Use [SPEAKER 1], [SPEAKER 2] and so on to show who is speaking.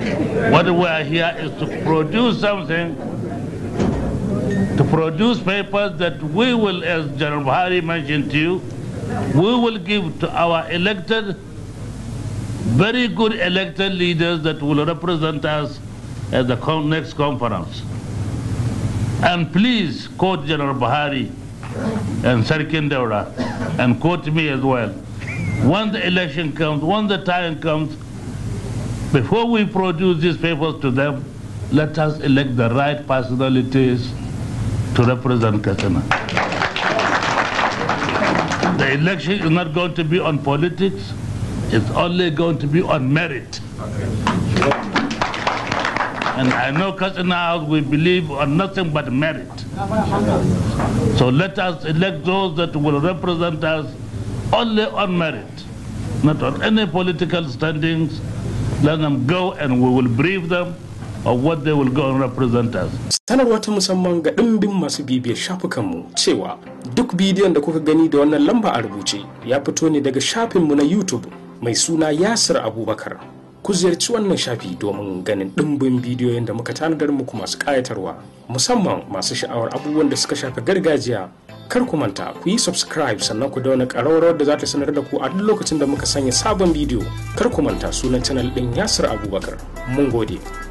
[SPEAKER 1] What we are here is to produce something, to produce papers that we will, as General Bahari mentioned to you, we will give to our elected, very good elected leaders that will represent us at the next conference. And please quote General Bahari, and Sarkin Deora and quote me as well. When the election comes, when the time comes, before we produce these papers to them, let us elect the right personalities to represent Katsina. The election is not going to be on politics, it's only going to be on merit. And I know Katsina we believe on nothing but merit. So let us elect those that will represent us only on merit, not on any political standings, let them go and we will brief them
[SPEAKER 2] of what they will go and represent us. Sanarwa ta musamman ga ɗimbin masu bibiyar shafukanmu cewa duk bidiyon da kuka gani da wannan lamba a rubuce ya fito ne daga shafinmu na YouTube mai suna Yasir Abubakar. Ku ziyarci wannan shafi domin ganin ɗimbin bidiyoyin da muka tanadar muku masu ƙayatarwa musamman masu sha'awar abubuwan da suka shafi gargajiya kar ku manta ku yi subscribe sannan ku dauna ƙararrawar da za ta sanar da ku a duk lokacin da muka sanya sabon bidiyo kar ku manta sunan channel ɗin yasir abubakar mun gode